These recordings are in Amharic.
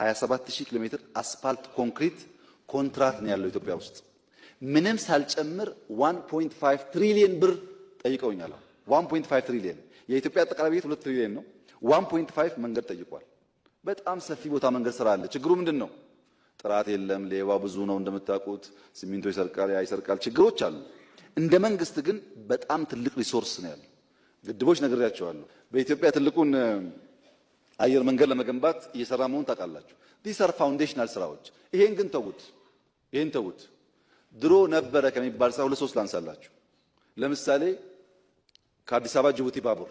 27000 ኪሎ ሜትር አስፋልት ኮንክሪት ኮንትራክት ነው ያለው ኢትዮጵያ ውስጥ ምንም ሳልጨምር 1.5 ትሪሊየን ብር ጠይቀውኛል። 1.5 ትሪሊየን የኢትዮጵያ አጠቃላይ በጀት 2 ትሪሊየን ነው። 1.5 መንገድ ጠይቋል። በጣም ሰፊ ቦታ መንገድ ስራ አለ። ችግሩ ምንድን ነው? ጥራት የለም። ሌባ ብዙ ነው እንደምታውቁት። ሲሚንቶ ይሰርቃል፣ ያ ይሰርቃል። ችግሮች አሉ። እንደ መንግስት ግን በጣም ትልቅ ሪሶርስ ነው ያለው። ግድቦች ነግሬያቸዋለሁ። በኢትዮጵያ ትልቁን አየር መንገድ ለመገንባት እየሰራ መሆን ታውቃላችሁ። ዲስ አር ፋውንዴሽናል ስራዎች። ይሄን ግን ተዉት፣ ይሄን ተዉት። ድሮ ነበረ ከሚባል ስራ ሁለት ሶስት ላንሳላችሁ። ለምሳሌ ከአዲስ አበባ ጅቡቲ ባቡር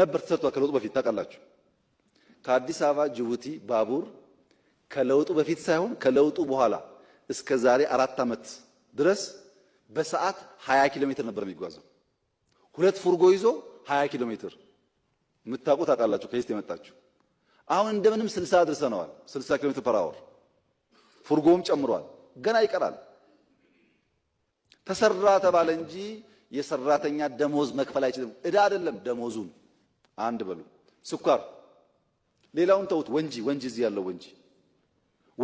ነበር ተሰርቷል፣ ከለውጡ በፊት ታውቃላችሁ። ከአዲስ አበባ ጅቡቲ ባቡር ከለውጡ በፊት ሳይሆን ከለውጡ በኋላ እስከ ዛሬ አራት ዓመት ድረስ በሰዓት 20 ኪሎ ሜትር ነበር የሚጓዘው። ሁለት ፉርጎ ይዞ 20 ኪሎ ሜትር የምታውቁ ታውቃላችሁ። ከይስት የመጣችሁ አሁን እንደምንም 60 አድርሰነዋል። 60 ኪሎ ሜትር ፐር አወር ፉርጎም ጨምሯል። ገና ይቀራል። ተሰራ ተባለ እንጂ የሰራተኛ ደሞዝ መክፈል አይችልም። እዳ አይደለም ደሞዙን አንድ በሉ። ስኳር ሌላውን ተውት። ወንጂ ወንጂ እዚህ ያለው ወንጂ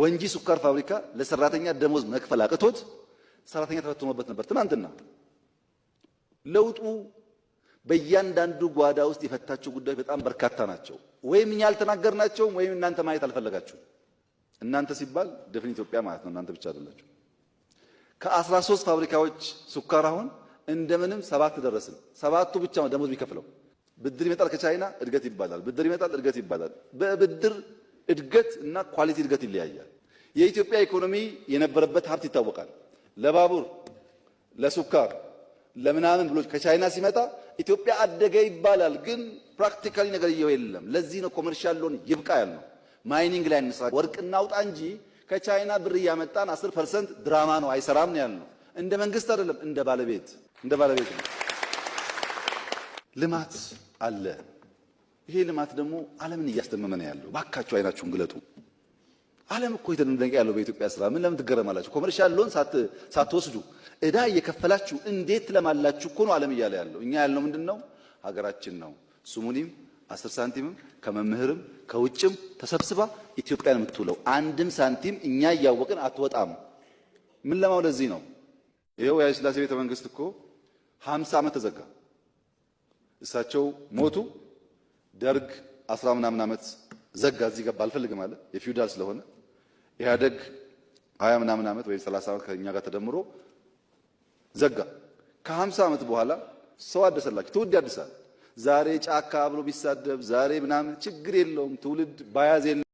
ወንጂ ስኳር ፋብሪካ ለሰራተኛ ደሞዝ መክፈል አቅቶት ሰራተኛ ተፈትኖበት ነበር ትናንትና ለውጡ በእያንዳንዱ ጓዳ ውስጥ የፈታችሁ ጉዳዮች በጣም በርካታ ናቸው። ወይም እኛ አልተናገርናቸውም ወይም እናንተ ማየት አልፈለጋችሁም። እናንተ ሲባል ድፍን ኢትዮጵያ ማለት ነው። እናንተ ብቻ አይደላችሁ። ከአስራ ሶስት ፋብሪካዎች ስኳር አሁን እንደምንም ሰባት ደረስን። ሰባቱ ብቻ ነው ደሞዝ የሚከፍለው። ብድር ይመጣል ከቻይና እድገት ይባላል። ብድር ይመጣል እድገት ይባላል። በብድር እድገት እና ኳሊቲ እድገት ይለያያል። የኢትዮጵያ ኢኮኖሚ የነበረበት ሀብት ይታወቃል። ለባቡር ለስኳር ለምናምን ብሎ ከቻይና ሲመጣ ኢትዮጵያ አደገ ይባላል፣ ግን ፕራክቲካሊ ነገርየው የለም። ለዚህ ነው ኮመርሻል ሎን ይብቃ ያልነው። ማይኒንግ ላይ እንስራ፣ ወርቅ እናውጣ እንጂ ከቻይና ብር እያመጣን 10 ፐርሰንት ድራማ ነው፣ አይሰራም ነው ያልነው። እንደ መንግስት አይደለም፣ እንደ ባለቤት እንደ ባለቤት ነው። ልማት አለ። ይሄ ልማት ደግሞ ዓለምን እያስደመመ ነው ያለው። ባካችሁ አይናችሁን ግለጡ። ዓለም እኮ የተደነቀ ያለው በኢትዮጵያ ስራ ምን ለምን ትገረማላችሁ? ኮመርሻል ሎን ሳትወስዱ እዳ እየከፈላችሁ እንዴት ለማላችሁ እኮ ነው ዓለም እያለ ያለው። እኛ ያልነው ምንድን ነው? ሀገራችን ነው ስሙኒም አስር ሳንቲምም ከመምህርም ከውጭም ተሰብስባ ኢትዮጵያን የምትውለው አንድም ሳንቲም እኛ እያወቅን አትወጣም። ምን ለማው እዚህ ነው። ይኸው የኃይለ ሥላሴ ቤተ መንግስት እኮ ሀምሳ ዓመት ተዘጋ። እሳቸው ሞቱ። ደርግ አስራ ምናምን ዓመት ዘጋ። እዚህ ገባ አልፈልግም አለ የፊውዳል ስለሆነ ኢህአደግ ሀያ ምናምን ዓመት ወይም ሰላሳ ዓመት ከኛ ጋር ተደምሮ ዘጋ። ከሀምሳ ዓመት በኋላ ሰው አደሰላቸው። ትውልድ ያድሳል። ዛሬ ጫካ ብሎ ቢሳደብ ዛሬ ምናምን ችግር የለውም። ትውልድ ባያዝ የለውም።